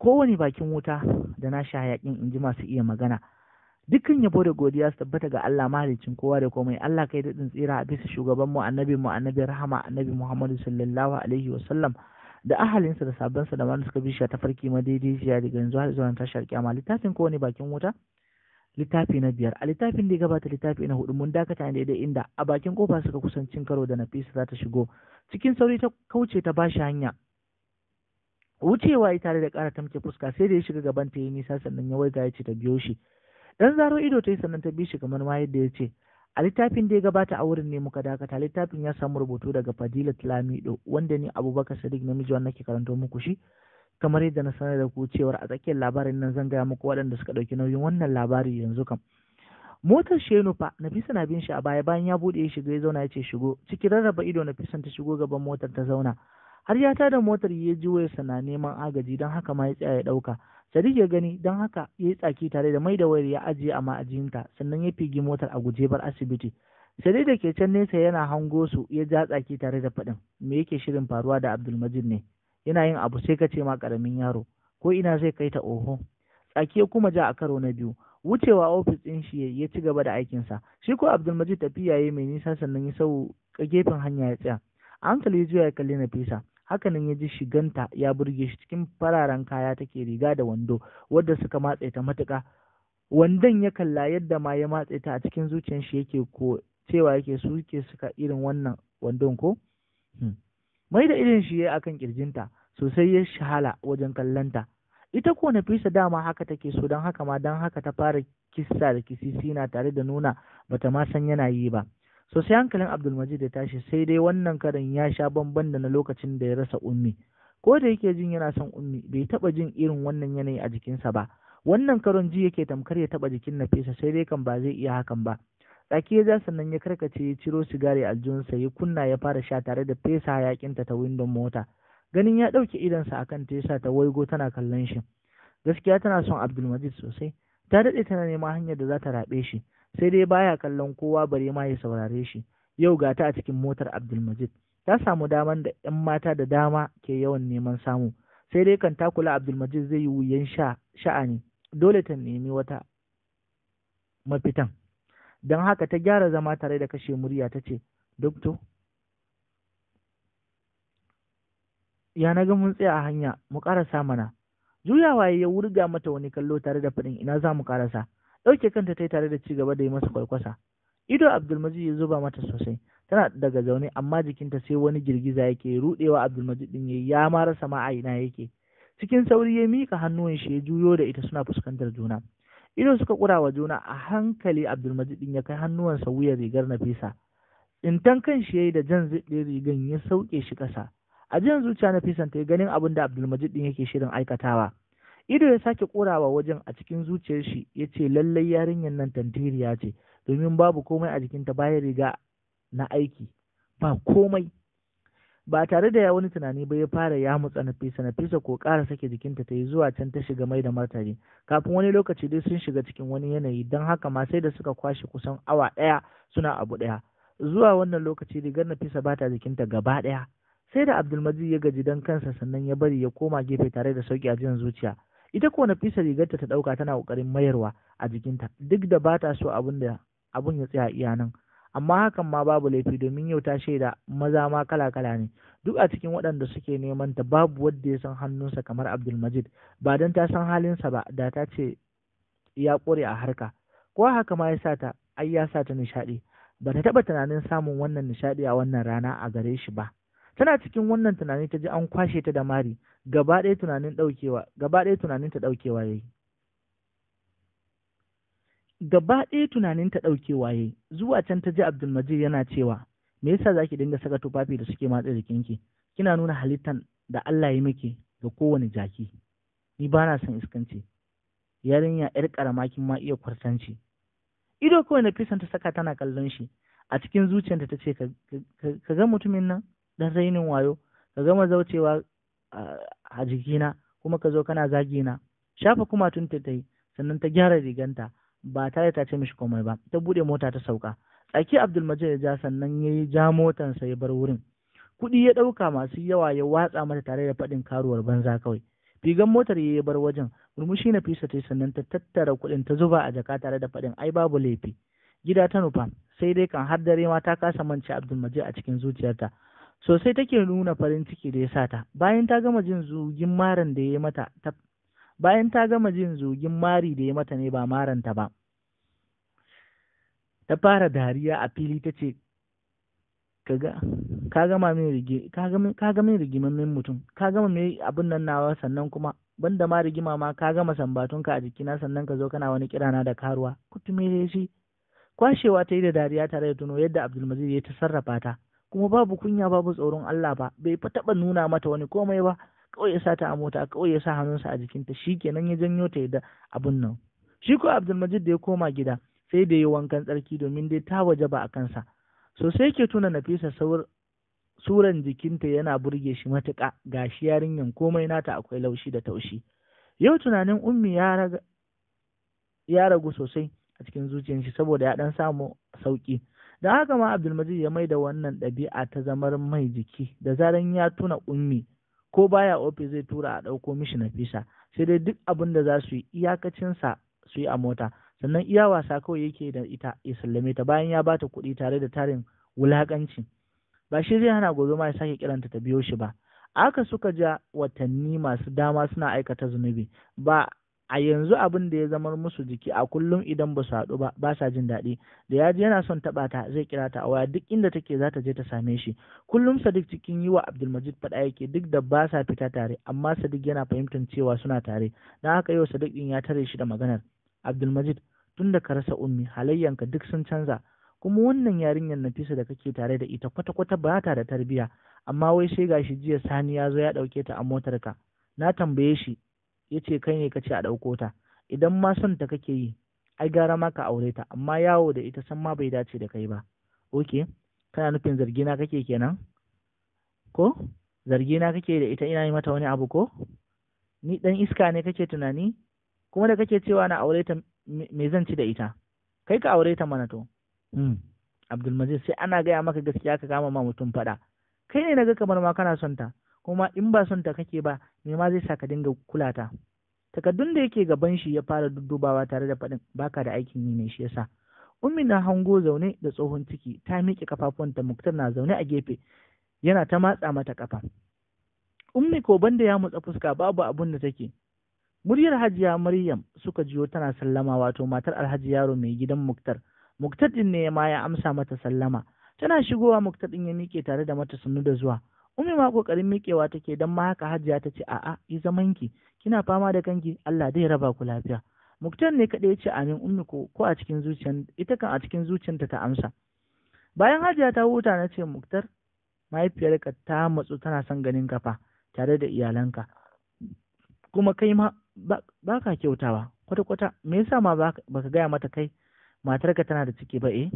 kowane bakin wuta da na sha yakin in ji masu iya magana dukkan yabo da godiya su tabbata ga Allah mahalicin kowa da komai Allah kai daɗin tsira a bisa shugaban mu annabi mu annabi rahama annabi Muhammadu sallallahu alaihi sallam da ahalinsa da sabansa da wanda suka bishiya ta farki madaidaiciya daga yanzu har zuwa tashar kyama littafin kowane bakin wuta littafi na biyar a littafin da ya gabata littafi na hudu mun dakata ne da inda a bakin kofa suka kusan cin karo da nafisa za ta shigo cikin sauri ta kauce ta bashi hanya wucewa ya tare da ƙara tamke fuska sai da ya shiga gaban ta yi nisa sannan ya waiga ya ce ta biyo shi dan zaro ido ta yi sannan ta bi shi kamar ma yadda ya ce a littafin da ya gabata a wurin ne muka dakata littafin ya samu rubutu daga Fadila lamido wanda ni abubakar sadiq namiji wanda ke karanto muku shi kamar yadda na sanar da ku cewar a tsakiyar labarin nan zan gaya muku waɗanda suka ɗauki nauyin wannan labari yanzu kam motar shenu fa nafisa na bin shi a baya bayan ya buɗe ya shiga ya zauna ya ce shigo ciki rarraba ido nafisan ta shigo gaban motar ta zauna har ya tada motar ya ji wayarsa na neman agaji don haka ma ya tsaya ya ɗauka Sadiq ya gani don haka ya yi tsaki tare da mai da wayar ya ajiye a ma'ajinta sannan ya fige motar a guje bar asibiti Sadiq da ke can nesa yana hango su ya ja tsaki tare da faɗin me yake shirin faruwa da Abdulmajid ne yana yin abu sai ka ce ma karamin yaro ko ina zai kai ta oho tsaki ya kuma ja a karo na biyu wucewa ofis ɗin shi ya ci gaba da aikinsa shi ko Abdulmajid tafiya ya yi mai nisa sannan ya sau gefen hanya ya tsaya hankali zuwa ya kalli Nafisa hakanan ya ji shiganta ya burge shi cikin fararen kaya take riga da wando wadda suka matse ta matuƙa wandon ya kalla yadda ma ya matse ta a cikin zuciyar shi yake ko cewa yake su ke suka irin wannan wandon ko hmm. mai da irin shi ya akan kirjinta sosai ya shahala wajen kallanta ita ko Nafisa dama haka take so don haka ma don haka ta fara kissa da kisisina sina tare da nuna bata ma san yana yi ba so sai hankalin abdulmajid ya tashi sai dai wannan karin ya sha bamban da na lokacin da ya rasa ummi ko da yake jin yana son ummi bai taba jin irin wannan yanayi a jikinsa ba wannan karon ji yake tamkar ya taba jikin nafisa sai dai kan ba zai iya hakan ba tsaki ya ja sannan ya karkace ya ciro sigari aljihunsa ya kunna ya fara sha tare da fesa hayakinta ta windon mota ganin ya ɗauke idonsa akan ta yasa ta waigo tana kallon shi gaskiya tana son abdulmajid sosai ta daɗe tana neman hanyar da za ta raɓe shi sai dai baya kallon kowa bare ma ya saurare shi yau ga ta a cikin motar Abdulmajid ta samu daman da 'yan mata da dama ke yawan neman samu sai dai kan takula Abdulmajid zai yi wuyan sha'ani dole ta nemi wata mafitan don haka ta gyara zama tare da kashe murya ta ce dokto ya na ga mun tsaya a hanya mu karasa mana juyawa ya wurga mata wani kallo tare da faɗin ina za mu karasa? ɗauke kanta ta yi tare da ci gaba da yi masa kwaikwasa ido abdulmajid ya zuba mata sosai tana daga zaune amma jikinta sai wani girgiza yake rudewa abdulmajid din yayi ya ma rasa ma yake cikin sauri ya mika hannuwan shi ya juyo da ita suna fuskantar juna ido suka kura wa juna a hankali abdulmajid din ya kai hannuwansa wuyan rigar nafisa tsintan kan shi yayi da jan zidin rigan ya sauke shi ƙasa. a jan zuciya na nafisan ta ganin abin da abdulmajid din yake shirin aikatawa ido ya sake korawa wajen a cikin zuciyar shi ya ce lallai yarinyar nan tantiriya ce domin babu komai a jikinta bayan riga na aiki ba komai ba tare da ya wani tunani ba ya fara ya mutsa na fesa na fesa ko ƙara sake jikinta ta yi zuwa can ta shiga mai da martani kafin wani lokaci dai sun shiga cikin wani yanayi don haka ma sai da suka kwashe kusan awa ɗaya suna abu ɗaya zuwa wannan lokaci rigar na fesa ba jikinta gaba ɗaya sai da abdulmajid ya gaji don kansa sannan ya bari ya koma gefe tare da sauki a jin zuciya ita ko nafisa rigarta ta ɗauka tana ƙoƙarin mayarwa a jikinta duk da ba ta so abun abun ya tsaya iya nan amma hakan ma babu laifi domin yau ta shaida maza ma kala kala ne duk a cikin waɗanda suke neman ta babu wadda ya san hannunsa kamar abdulmajid ba don ta san halinsa ba da ta ce ya ƙure a harka ko haka ma ya sa ta ai ya sa ta nishaɗi ba ta taɓa tunanin samun wannan nishaɗi a wannan rana a gare shi ba tana cikin wannan tunani ta ji an kwashe ta da mari gaba ɗaya tunanin ɗaukewa gaba ɗaya tunanin ta ɗaukewa yayi gaba ɗaya tunanin ta ɗaukewa yayi zuwa can ta ji Abdulmajid yana cewa me yasa zaki dinga saka tufafi da suke matsa ki? kina nuna halittan da Allah ya miki ga kowane jaki ni ba na son iskanci yarinya yar karama kin ma iya kwartanci ido kawai na fisan ta saka tana kallon shi a cikin zuciyarta ta ce ka ga mutumin nan dan rainin wayo ka gama zaucewa a jikina kuma ka zo kana zagi na shafa kuma tun ta yi sannan ta gyara riganta ba ta ta ce mishi komai ba ta bude mota ta sauka tsaki abdulmajid ya ja sannan ya yi ja motansa ya bar wurin kuɗi ya ɗauka masu yawa ya watsa mata tare da faɗin karuwar banza kawai figan motar ya yi bar wajen murmushi na fisa ta sannan ta tattara kuɗin ta zuba a jaka tare da faɗin ai babu laifi gida ta nufa sai dai kan har dare ma ta kasa mance abdulmajid a cikin zuciyarta sosai take nuna farin ciki da ya sa ta bayan ta gama jin zugin marin da ya mata bayan ta gama jin zugin mari da ya mata ne ba maranta ba ta fara dariya a fili ta ce ka gama min rigimammin mutum ka gama mai abin nan nawa sannan kuma banda ma rigima ma ka gama sambatunka a jikina sannan ka zo kana wani kirana da karuwa shi kwashewa ta yi da dariya tare da tuno yadda abdulmazid ya ta sarrafa ta kuma babu kunya babu tsoron Allah ba bai fa taba nuna mata wani komai ba kawai ya sa ta a mota kawai ya sa hannunsa a jikinta kenan ya janyo ta da abun nan shi ko Abdulmajid da ya koma gida sai da ya wankan tsarki domin dai ta waje ba a kansa so sai ke tuna Nafisa saur suran jikinta yana burge shi matuƙa gashi yarinyan komai nata akwai laushi da taushi yau tunanin ummi ya raga ya ragu sosai a cikin zuciyar saboda ya dan samu sauki da haka ma abdulmajid ya mai da wannan ɗabi'a ta zamar mai jiki da zaran ya tuna ummi ko baya ofis zai tura a ɗauko mishi nafisa sai dai duk abin da za su yi iyakacinsa su yi a mota sannan iya wasa kawai yake da ita ya sallame ta bayan ya bata kuɗi tare da tarin wulakanci. ba shi zai hana gobe ma ya sake kiranta ta biyo shi ba aka suka ja watanni masu dama suna aikata zunubi ba a yanzu abin da ya zamar musu jiki a kullum idan ba su haɗu ba ba sa jin daɗi da ya ji yana son taɓa ta zai kira ta a waya duk inda take za ta je ta same shi kullum sadiq cikin yi wa abdulmajid faɗa yake duk da ba sa fita tare amma sadiq yana fahimtar cewa suna tare don haka yau sadiq ɗin ya tare shi da maganar abdulmajid tun da ka rasa ummi halayyanka duk sun canza kuma wannan yarinyar nafisa da kake tare da ita kwata-kwata ba ta da tarbiyya amma wai sai gashi jiya sani ya zo ya ɗauke ta a motarka na tambaye shi ya ce kai ne ka ce a ɗauko ta idan ma son ta kake yi ai gara ma ka aure ta amma yawo da ita san ma bai dace da kai ba ok kana nufin zargina kake kenan ko zargina kake da ita ina yi mata wani abu ko ni dan iska ne kake tunani kuma da kake cewa na aure ta me zan ci da ita kai ka aure ta mana to hmm. abdulmajid sai ana gaya maka gaskiya ka kama ma mutum faɗa kai ne naga kamar ma kana son ta kuma in ba son ta kake ba me ma zai saka dinga kulata? takaddun da yake gaban shi ya fara duddubawa tare da faɗin baka da aikin yi ne shi yasa ummi na hango zaune da tsohon ciki ta miƙe kafafunta muktar na zaune a gefe yana ta matsa mata kafa ummi ko banda ya mutsa fuska babu abun da take muryar hajiya maryam suka jiyo tana sallama wato matar alhaji yaro mai gidan muktar muktar din ne ma ya amsa mata sallama tana shigowa muktar ɗin ya miƙe tare da mata sannu da zuwa Ummi ma kokarin miƙewa take don ma haka Hajiya ta ce a'a yi zamanki kina fama da kanki Allah dai raba ku lafiya. Muktar ne kaɗai ya ce amin Ummi ko ko a cikin zuciyan ita kan a cikin zuciyarta ta amsa. Bayan Hajiya ta huta na ce Muktar mahaifiyarka ta matsu tana son ganin ka fa tare da iyalanka. Kuma kai ma ba kyautawa kwata-kwata me yasa ma baka gaya mata kai matarka tana da ciki ba eh?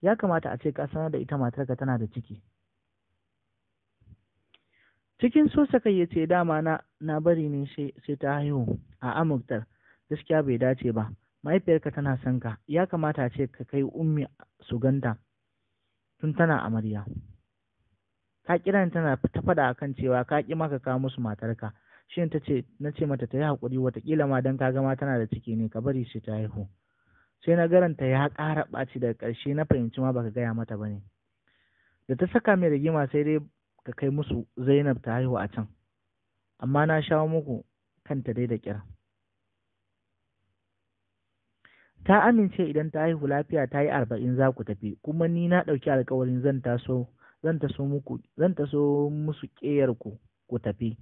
Ya kamata a ce ka sanar da ita matarka tana da ciki. cikin so saka ya ce dama na na bari ne sai ta haihu a amurtar gaskiya bai dace ba mahaifiyarka tana son ka ya kamata a ce ka kai ummi su ganta tun tana amarya ka kira ni tana ta faɗa akan cewa ka ki maka kawo musu matarka shin ta ce na ce mata ta yi hakuri, watakila ma don ka gama tana da ciki ne ka bari sai ta haihu sai na garanta ya ƙara ɓaci daga ƙarshe na fahimci ma baka gaya mata ba ne da ta saka mai rigima sai dai ka kai musu Zainab ta haihu a can, amma na shawo muku kanta dai da kira. Ta amince idan ta haihu lafiya ta yi arba'in za ku tafi, kuma ni na ɗauki alkawarin zan taso zan musu ƙeyar ku ku tafi.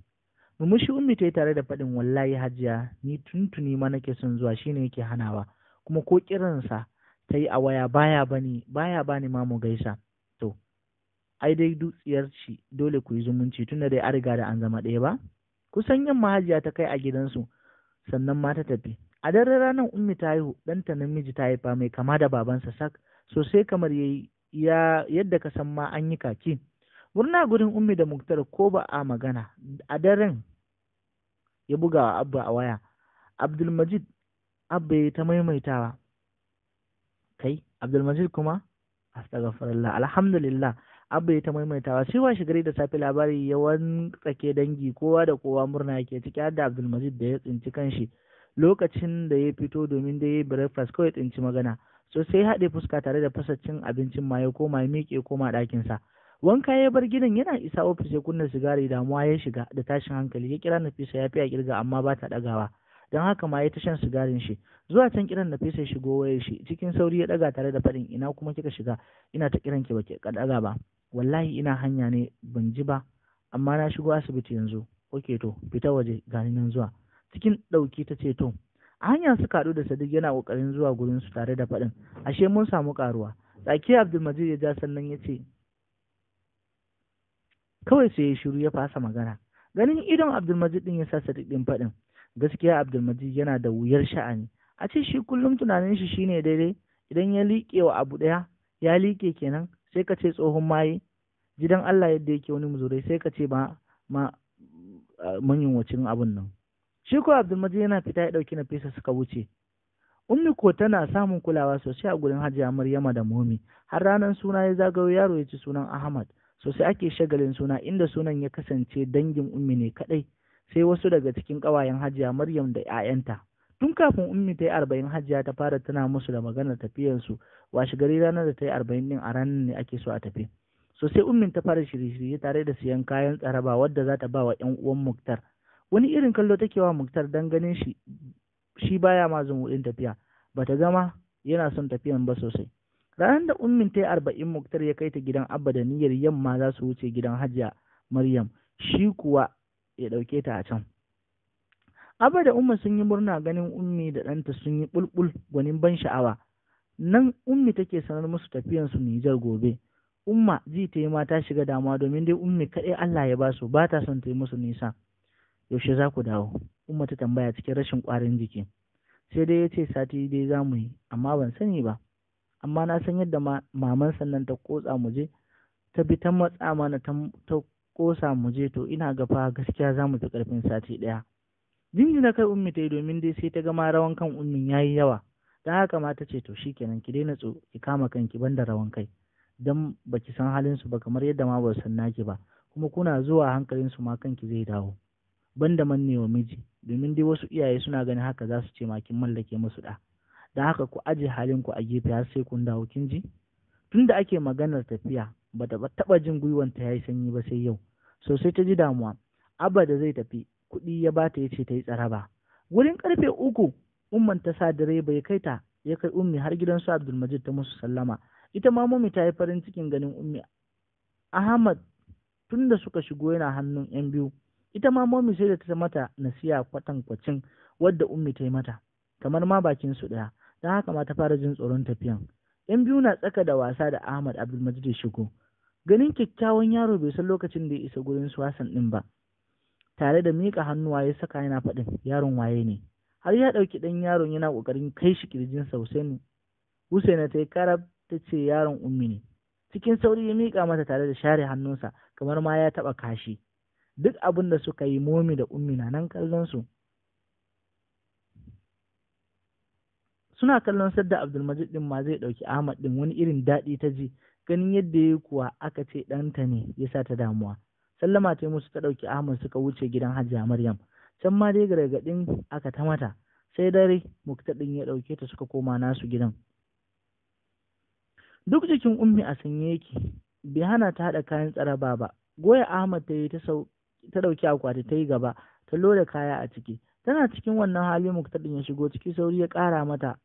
Mumushi ummi ta yi tare da faɗin wallahi hajiya ni tuntuni ma nake son zuwa shine yake hanawa kuma ko kiransa ta yi a waya baya bani baya bani ma mu gaisa. ai dai dutsiyar shi dole ku yi zumunci tunda dai an riga da an zama ɗaya ba kusan yamma mahajiya ta kai a gidansu sannan ma ta tafi a daren ranar ummi ta haihu ɗanta namiji ta haifa mai kama da babansa sak sosai kamar yayi ya yadda ka san ma an yi kaki murna gurin ummi da muktar ko ba a magana a daren ya buga wa abba a waya abdulmajid abba ya ta maimaitawa kai abdulmajid kuma astaghfirullah alhamdulillah abba ya ta maimaitawa shi washe gari da safe labari ya wantsake dangi kowa da kowa murna yake ciki har da abdulmajid da ya tsinci kanshi lokacin da ya fito domin da ya yi breakfast kawai tsinci magana so sai haɗe fuska tare da fasacin abincin ma ya koma ya miƙe koma ɗakinsa wanka ya bar gidan yana isa ofis ya kunna sigari damuwa ya shiga da tashin hankali ya kira nafisa ya a kirga amma ba ta ɗagawa don haka ma ya ta shan sigarin shi zuwa can kiran na fesa shigo wayar shi cikin sauri ya daga tare da faɗin ina kuma kika shiga ina ta kiran ki ke ba wallahi ina hanya ne ban ji ba amma na shigo asibiti yanzu oke to fita waje gani nan zuwa cikin ɗauki ta ce to a hanya su haɗu da sadiq yana ƙoƙarin zuwa gurin su tare da faɗin ashe mun samu ƙaruwa tsaki abdulmajid ya ja sannan ya ce kawai sai ya shiru ya fasa magana ganin idon abdulmajid ɗin ya sa sadiq ɗin faɗin gaskiya abdulmajid yana da wuyar sha'ani a ce shi kullum tunanin shi shine daidai idan ya liƙe wa abu ɗaya ya liƙe kenan sai ka ce tsohon maye gidan Allah yadda yake wani muzurai sai ka ce ma manyan wacin abun nan shi ko yana fita ya dauki na fesa suka wuce Ummi ko tana samun kulawa sosai a gurin Hajiya Maryama da Momi har ranar suna ya zagayo yaro ya ci sunan Ahmad sosai ake shagalin suna inda sunan ya kasance dangin Ummi ne kaɗai, sai wasu daga cikin ƙawayen Hajiya Maryam da 'ya'yanta. tun kafin ummi ta yi arba'in hajiya ta fara tana musu da maganar tafiyansu washe gari ranar da ta yi arba'in din a ranar ne ake so a tafi Sosai ummin ta fara shirye-shirye tare da siyan kayan tsaraba wadda za ta ba wa 'yan uwan muktar wani irin kallo take wa muktar dan ganin shi shi baya ma zumuɗin tafiya bata gama yana son tafiyan ba sosai ranar da ummin ta yi arba'in muktar ya kai ta gidan abba da niyyar yamma za su wuce gidan hajiya maryam shi kuwa ya ɗauke ta a can Abba da Umma sun yi murna ganin Ummi da ɗanta sun yi ɓulɓul gwanin ban sha'awa. Nan Ummi take sanar musu tafiyansu Nijar gobe. Umma ji ta yi mata shiga damuwa domin dai Ummi kaɗai Allah ya ba su ba ta son ta yi musu nisa. Yaushe za ku dawo? Umma ta tambaya cikin rashin ƙwarin jiki. Sai dai ya ce sati dai za mu yi, amma ban sani ba. Amma na san yadda maman sannan ta kotsa mu je, ta bi ta matsa mana ta kosa mu je to ina gafa gaskiya za mu fi ƙarfin sati ɗaya. jinjina kai ummi ta yi domin dai sai ta gama rawan kan ummin ya yi yawa don haka ma ce to kenan ki daina tso ki kama kanki ban da rawan kai don baki san halin su ba kamar yadda ma ba san naki ba kuma kuna zuwa hankalin su ma kanki zai dawo Ban da manne wa miji domin dai wasu iyaye suna ganin haka za su ce ma kin mallake musu da don haka ku aje halin ku a gefe har sai kun dawo kin ji tunda ake maganar tafiya ba ta taba jin gwiwanta yayi sanyi ba sai yau sosai ta ji damuwa abba da zai tafi kuɗi ya bata ya ce ta yi tsaraba wurin ƙarfe uku umman ta sa direba ya kai ta ya kai ummi har gidan su abdulmajid ta musu sallama ita ma mummi ta yi farin cikin ganin ummi ahmad tun da suka shigo yana hannun yan biyu ita ma mummi sai da ta mata nasiya kwacin wadda ummi ta yi mata kamar ma bakin su ɗaya don haka ma ta fara jin tsoron tafiyan yan biyu na tsaka da wasa da ahmad abdulmajid ya shigo ganin kyakkyawan yaro bai san lokacin da ya isa gurin su wasan ɗin ba tare da miƙa hannuwa ya saka yana faɗin yaron waye ne har ya ɗauki ɗan yaron yana ƙoƙarin kai shi ƙirjinsa Husainu Husaina ta yi karab ta ce yaron ummi ne cikin sauri ya miƙa mata tare da share hannunsa kamar ma ya taɓa kashi duk abin da suka yi momi da ummi na nan kallon su suna kallon sadda Abdulmajid din ma zai ɗauki Ahmad din wani irin daɗi ta ji ganin yadda ya kuwa aka ce ɗanta ne ya sa ta damuwa sallama ta yi musu ta ɗauki ahmad suka wuce gidan hajiya maryam can ma dai gargaɗin aka ta mata sai dare muktaɗin ya ɗauke ta suka koma nasu gidan duk jikin ummi a sanye yake bai hana ta haɗa kayan tsara ba goya ahmad ta yi ta ɗauki akwati ta yi gaba ta loda kaya a ciki tana cikin wannan hali muktaɗin ya shigo ciki sauri ya ƙara mata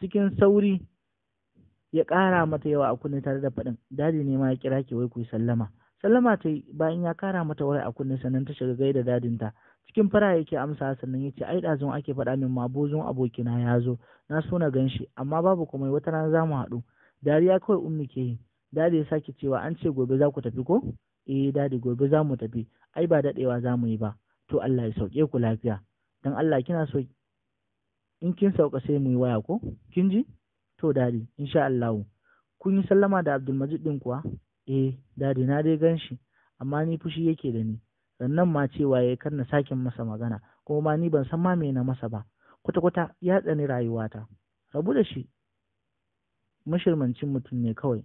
cikin sauri ya ƙara mata yawa a kunne tare da faɗin daji ne ma ya kira ki wai ku sallama sallama ta yi bayan ya kara mata wari a kunne sannan ta shiga gaida dadinta cikin fara yake amsa sannan ya ce ai ɗazun ake faɗa min ma mabozon abokina ya zo na so na gan amma babu komai wata rana za mu haɗu dariya kawai ummi ke yi dadi ya sake cewa an ce gobe za ku tafi ko eh dadi gobe za mu tafi ai ba daɗewa za mu yi ba to Allah ya sauke ku lafiya dan Allah kina so in kin sauka sai mu yi waya ko kin ji to dadi insha Allah kun yi sallama da Abdulmajid din kuwa eh dadi na dai gan shi amma ni fushi yake da ni sannan ma cewa ya kar na sake masa magana kuma ma ni ban san ma mai na masa ba kwata kwata ya tsani rayuwata rabu da shi mashirmancin mutum ne kawai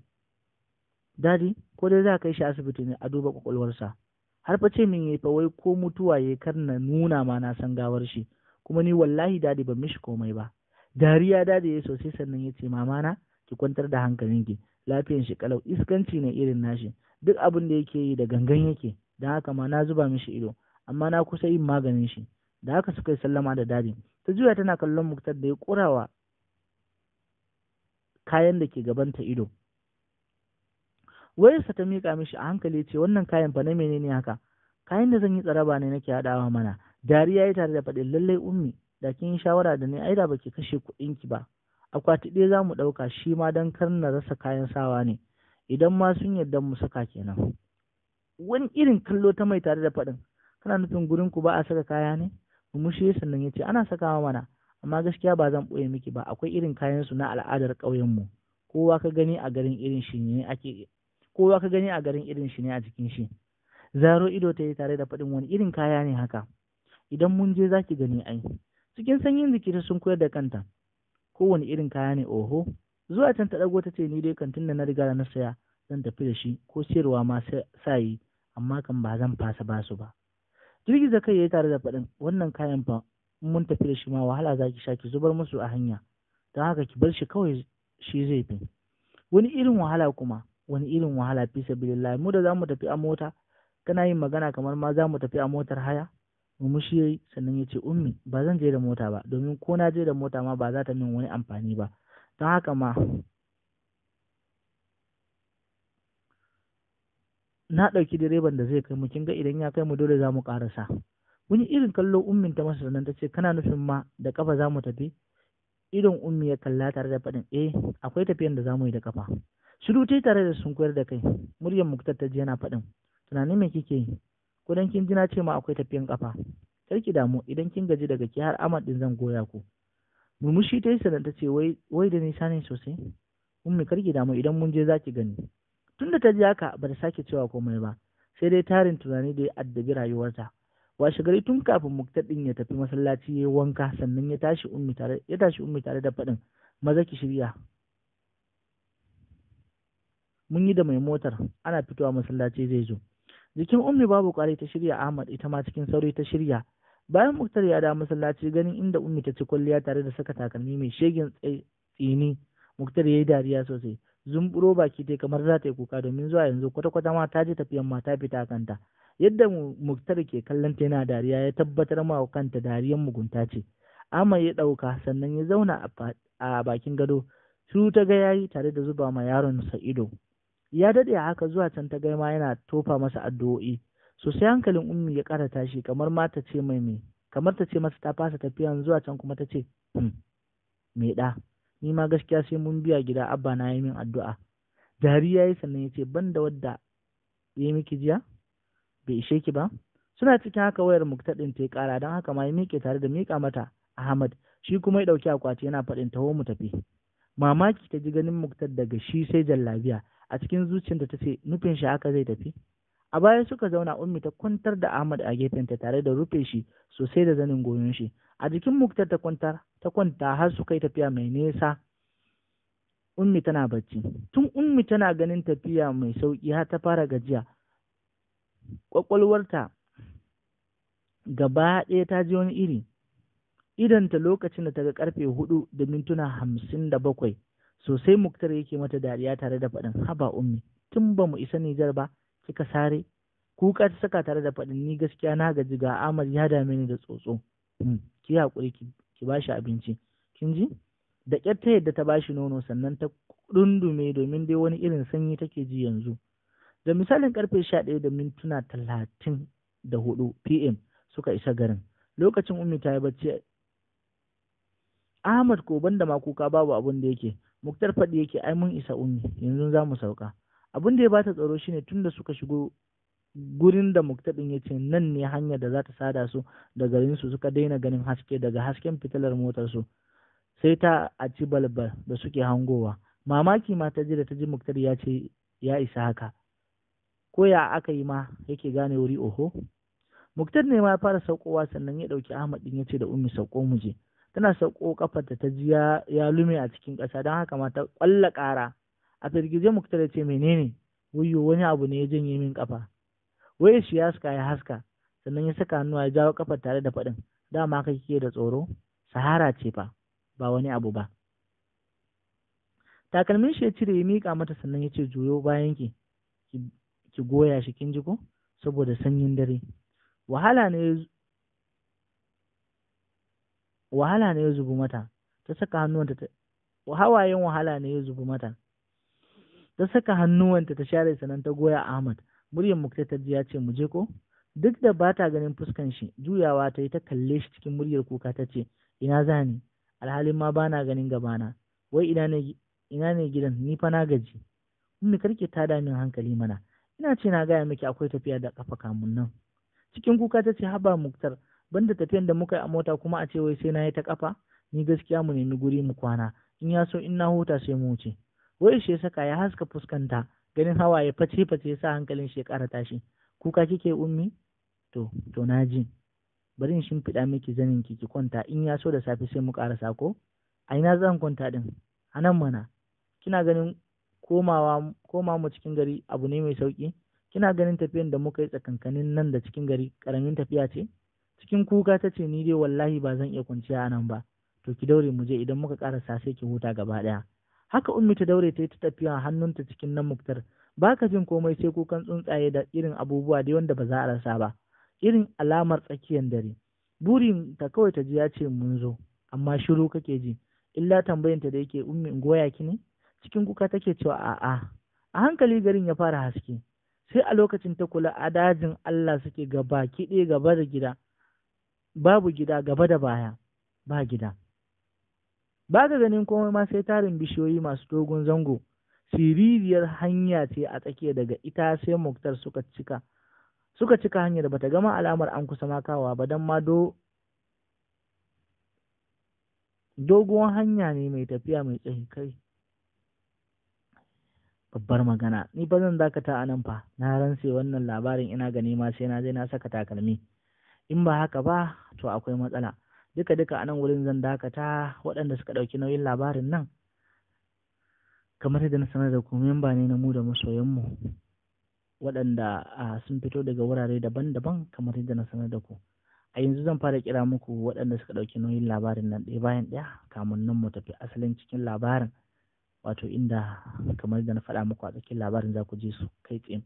dadi ko dai za ka kai shi asibiti ne a duba kwakwalwarsa har fa ce min yayi fa wai ko mutuwa yayi kar nuna ma na san gawar shi kuma ni wallahi dadi ban mishi komai ba dariya dadi yayi sosai sannan ya ce mama na ki kwantar da hankalinki lafiyan shi kalau iskanci ne irin nashi duk abin da yake yi da gangan yake don haka ma na zuba mishi ido amma na kusa yin maganin shi da haka suka yi sallama da dadi ta juya tana kallon muktar da ya kurawa kayan da ke gabanta ido wayarsa ta miƙa mishi a hankali ce wannan kayan fa na menene haka kayan da zan yi tsaraba ne nake haɗawa mana dariya ya tare da faɗin lallai ummi da kin yi shawara da ni aida baki kashe ki ba akwati ɗaya za mu ɗauka shi ma don kar na rasa kayan sawa ne idan ma sun yarda mu saka kenan wani irin kallo ta mai tare da faɗin kana nufin gurin ku ba a saka kaya ne mu mushe sannan ya ce ana sakawa mana amma gaskiya ba zan ɓoye miki ba akwai irin kayan su na al'adar ƙauyen mu kowa ka gani a garin irin shi ne ake kowa ka gani a garin irin shi ne a jikin shi zaro ido ta yi tare da faɗin wani irin kaya ne haka idan mun je za ki gani ai cikin sanyin jiki ta sun koyar da kanta kowane irin kaya ne oho zuwa can ta ɗago ta ce ni dai kantin da na riga na saya zan tafi da shi ko siyarwa ma sa yi amma kan ba zan fasa ba su ba girgiza kai yayi tare da faɗin wannan kayan fa mun tafi da shi ma wahala za ki sha ki zubar musu a hanya don haka ki bar shi kawai shi zai fi wani irin wahala kuma wani irin wahala fi sabilillah mu da za mu tafi a mota kana yin magana kamar ma za mu tafi a motar haya murmushi ya yi sannan ya ce ummi ba zan je da mota ba domin ko na je da mota ma ba za ta min wani amfani ba don haka ma na ɗauki direban da zai kai mu kin ga idan ya kai mu dole za mu ƙarasa wani irin kallo ummin ta masa sannan ta ce kana nufin ma da kafa za mu tafi Idan ummi ya kalla tare da faɗin eh akwai tafiyan da za mu yi da kafa shiru tai tare da sun koyar da kai muryar muktar ta ji yana faɗin tunanin me kike yi kudan kin ji na ce ma akwai tafiyan kafa kar ki damu idan kin gaji daga ki har amad din zan goya ku murmushi ta yi sanar ta ce wai wai da nisa ne sosai ummi kar ki damu idan mun je za ki gani tunda ta ji haka ba ta sake cewa komai ba sai dai tarin tunani da ya addabi rayuwarta washe gari tun kafin muktaɗin ya tafi masallaci ya yi wanka sannan ya tashi ummi tare ya tashi ummi tare da faɗin maza ki shirya mun yi da mai motar ana fitowa masallaci zai zo jikin ummi babu ƙwari ta shirya ahmad ita ma cikin sauri ta shirya bayan muktar ya da masallaci ganin inda ummi ta ci kwalliya tare da saka takalmi mai shegin tsini muktar ya yi dariya sosai zumburo baki ta kamar za ta yi kuka domin zuwa yanzu kwata-kwata ma ta ji tafiyan ma ta fita kanta yadda muktar ke kallon ta yana dariya ya tabbatar ma kanta dariyan mugunta ce amma ya ɗauka sannan ya zauna a bakin gado shiru ta ga yayi tare da zuba ma yaron sa ido ya daɗe a haka zuwa can ta gaima yana tofa masa addu'o'i sosai hankalin ummi ya ƙara tashi kamar ma ta ce mai me kamar ta ce masa ta fasa tafiyan zuwa can kuma ta ce hmm, me ɗa ni ma gaskiya sai mun biya gida abba na yi min addu'a jari ya yi sannan ya ce ban da wadda ya yi miki jiya bai ishe ki ba suna cikin haka wayar ɗin ta yi ƙara don haka ma ya miƙe tare da miƙa mata ahmad shi kuma ya ɗauki akwati yana faɗin taho mu tafi mamaki ta ji ganin muktar daga shi sai jallabiya a cikin zuciyarta ta ce nufin shi haka zai tafi a baya suka zauna ummi ta kwantar da ahmad a gefenta tare da rufe shi sosai da zanin goyon shi a jikin muktar ta kwantar ta kwanta har su kai tafiya mai nesa ummi tana bacci tun ummi tana ganin tafiya mai sauki har ta fara gajiya kwakwalwarta gaba ɗaya ta ji wani iri idanta lokacin da ta ga karfe hudu da mintuna hamsin da bakwai sosai muktar yake mata dariya tare da faɗin haba ummi tun ba mu isa nijar ba kika sare kuka ta saka tare da faɗin ni gaskiya na gaji ga Ahmad ya dame ni da tsotso hmm, ki hakuri ki bashi abinci kin ji da ƙyar ta yadda ta bashi nono sannan ta dundume domin dai wani irin sanyi take ji yanzu da misalin karfe sha ɗaya da mintuna talatin da hudu pm suka isa garin lokacin ummi ta yi bacci Ahmad ko banda ma kuka babu abin da yake Muktar faɗi yake ai mun isa ummi yanzu za mu sauka. Abin da ya bata tsaro shine tun da suka shigo gurin da Muktar ɗin ya ce nan ne hanyar da za ta sada su da garin su suka daina ganin haske daga hasken fitilar motar su sai ta a ci balbal da suke hangowa. Mamaki ma ta ji da ta ji Muktar ya ce ya isa haka. Ko ya aka yi ma yake gane wuri oho? Muktar ne ma ya fara saukowa sannan ya ɗauki Ahmad ɗin ya ce da Ummi sauko mu je. tana sauko kafarta ta ji ya lume a cikin ƙasa don haka ma ta ƙwalla ƙara a firgize muktar ya ce menene wuyo wani abu ne ya janye min kafa Wai shi ya haska ya haska sannan ya saka hannuwa ya jawo kafar tare da faɗin dama ka kike da tsoro sahara ce fa ba wani abu ba takalmin shi ya cire ya miƙa mata sannan ya ce juyo bayan ki ki goya shi kin ji ko saboda sanyin dare wahala ne wahala ne ya zubu mata ta saka hannuwanta ta hawayen wahala ne ya zubu mata ta saka hannuwanta ta share sanan ta goya Ahmad muryar mukta ta ya ce mu je ko duk da ba ta ganin fuskan shi juyawa ta yi ta kalle shi cikin muryar kuka ta ce ina za ni alhalin ma bana ganin gabana wai ina ne ina ne gidan ni fa na gaji ummi karke ta da min hankali mana ina ce na gaya miki akwai tafiya da kafa kamun nan cikin kuka ta ce haba muktar banda tafiyan da muka yi a mota kuma a ce wai sai na yi ta kafa ni gaskiya mu nemi guri mu kwana in ya so in na huta sai mu wuce wai shi saka ya haska fuskanta ganin hawa ya face face sa hankalin shi ya ƙara tashi kuka kike ummi to to na ji bari in shimfiɗa miki zanin ki ki kwanta in ya so da safe sai mu ƙara sako a ina zan kwanta din a nan mana kina ganin komawa koma mu cikin gari abu ne mai sauki kina ganin tafiyan da muka yi tsakankanin nan da cikin gari karamin tafiya ce cikin kuka ta ce ni dai wallahi ba zan iya kwanciya a nan ba to ki daure mu je idan muka sa sai ki huta gaba ɗaya haka ummi ta daure ta yi ta tafiya hannunta cikin nan muktar ba ka jin komai sai kukan tsuntsaye da irin abubuwa dai wanda ba za a rasa ba irin alamar tsakiyar dare burin ta kawai ta ji ya ce mun zo amma shiru kake ji illa tambayinta da yake ummi in goya ki ne cikin kuka take cewa a'a a hankali garin ya fara haske sai a lokacin ta kula a dajin Allah suke gaba kiɗe gaba da gida babu gida gaba da baya ba gida ba ga ganin komai ma sai tarin bishiyoyi masu dogon zango siririyar hanya ce a tsakiya daga ita sai muktar suka cika suka cika hanyar bata gama alamar an kusa makawa ba don ma do Dogon hanya ne mai tafiya mai tsayi kai babbar magana ni ba zan dakata a nan fa na rantse wannan labarin ina gani ma sai na je na saka takalmi in ba haka ba to akwai matsala duka duka a nan wurin zan dakata waɗanda suka ɗauki nauyin labarin nan kamar yadda na sanar da ku memba ne na mu da masoyanmu waɗanda sun fito daga wurare daban-daban kamar yadda na sanar da ku a yanzu zan fara kira muku waɗanda suka ɗauki nauyin labarin nan ɗaya bayan ɗaya kamun nan mu tafi asalin cikin labarin wato inda kamar yadda na faɗa muku a cikin labarin za ku ji su kai tsaye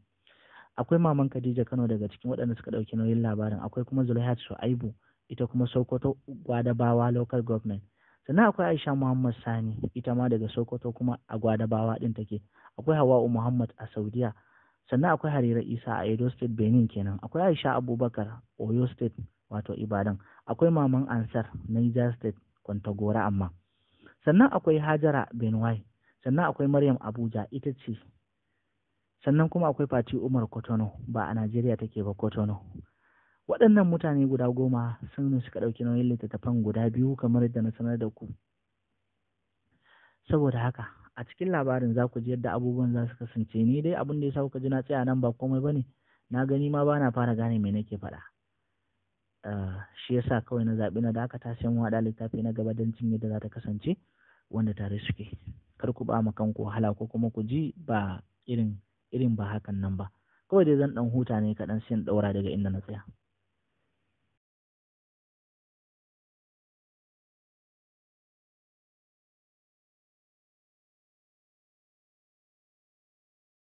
akwai maman Khadija Kano daga cikin waɗanda suka ɗauki nauyin labarin akwai kuma Zulaihat Shu'aibu ita kuma Sokoto Gwadabawa Local Government sannan akwai Aisha Muhammad Sani ita ma daga Sokoto kuma a Gwadabawa din take akwai Hawa'u Muhammad a Saudiya sannan akwai Harira Isa a Edo State Benin kenan akwai Aisha Abubakar Oyo State wato Ibadan akwai maman Ansar Niger State Kwantagora amma sannan akwai Hajara Benwai sannan akwai Maryam Abuja ita ce sannan kuma akwai Fati Umar Kotono ba a Najeriya take ba Kotono. Waɗannan mutane guda goma sun ne suka ɗauki nauyin littattafan guda biyu kamar yadda na sanar da ku. Saboda haka a cikin labarin za ku ji yadda abubuwan za su kasance ni dai abin da ya sa kuka ji na tsaya nan ba komai ba ne na gani ma ba na fara gane me nake faɗa. Eh, shi yasa kawai na zaɓi na dakata sai mu haɗa littafi na gaba don cin yadda za ta kasance wanda tare suke kar ku ba ma kanku wahala ko kuma ku ji ba irin irin ba hakan nan ba kawai dai zan ɗan huta ne kaɗan sai in ɗaura daga inda na tsaya